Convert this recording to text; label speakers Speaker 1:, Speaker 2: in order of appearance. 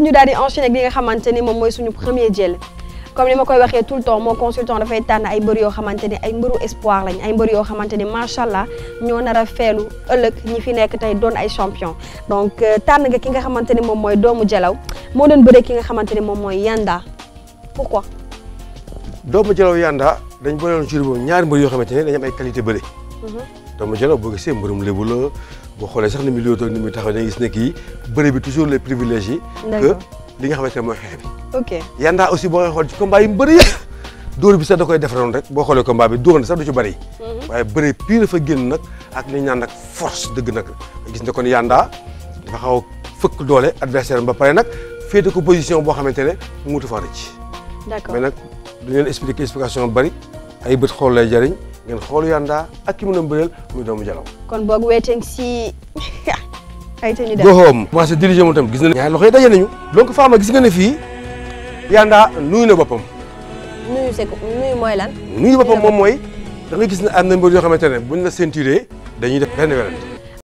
Speaker 1: ñu daal di enchaîner ak nga xamante ni moom mooy suñu premier jël comme ni ma koy waxee tout le temps moo consultant dafay tànn ay mbër yoo ni ay mbëru espoir lañ ay mbër yoo xamante ni macha allah ñoo nar a feelu ëllëg ñi fi nekk tey doon ay champion donc euh, tànn nga ki nga xamante ni moom mooy doomu jalaw moo doon bëree ki nga xamante ni moom mooy Yanda pourquoi.
Speaker 2: doomu jalaw Yanda dañ boole woon jur ñaari mbër yoo xamante ne dañu am ay qualité bëre. Mhm. doomu jëlaat boo gisee mbërum lébu la boo xoolee sax ni muy liyoo ni muy taxaw da ngay gis ne kii bëri bi toujours les privilégiés. que li nga xamante ne mooy xeex bi. yandaa aussi boo koy xool mu bëri yëpp bi sax da koy defaroon rek boo xoolee combat bi dóor sax du ci bëri. Mhm. waaye bëri pire dafa génn nag ak li ñu naan force dëgg nag gis nga kon yandaa dafa xaw a fëkk doole adversaire ba pare nag féete ko position boo xamante ne mu mutu faa rëcc.
Speaker 1: ci mais
Speaker 2: nag du ñu leen expliquer explication bari ay bët xool lay jariñ ngeen xool Yanda ak ki mu doon bëreel muy doomu Jalaw.
Speaker 1: kon boog weeteeg si ay te ñu dem. goxoom
Speaker 2: commencé diriger moom tam gis nañu. ñaari loxo yi daje nañu. donc Fama gis nga ne fii Yanda nuyu na boppam.
Speaker 1: nuyu c'est nuyu mooy lan.
Speaker 2: nuyu boppam moom mooy da nga gis ne am na mbir yoo xamante ne buñ la ceinturé dañuy def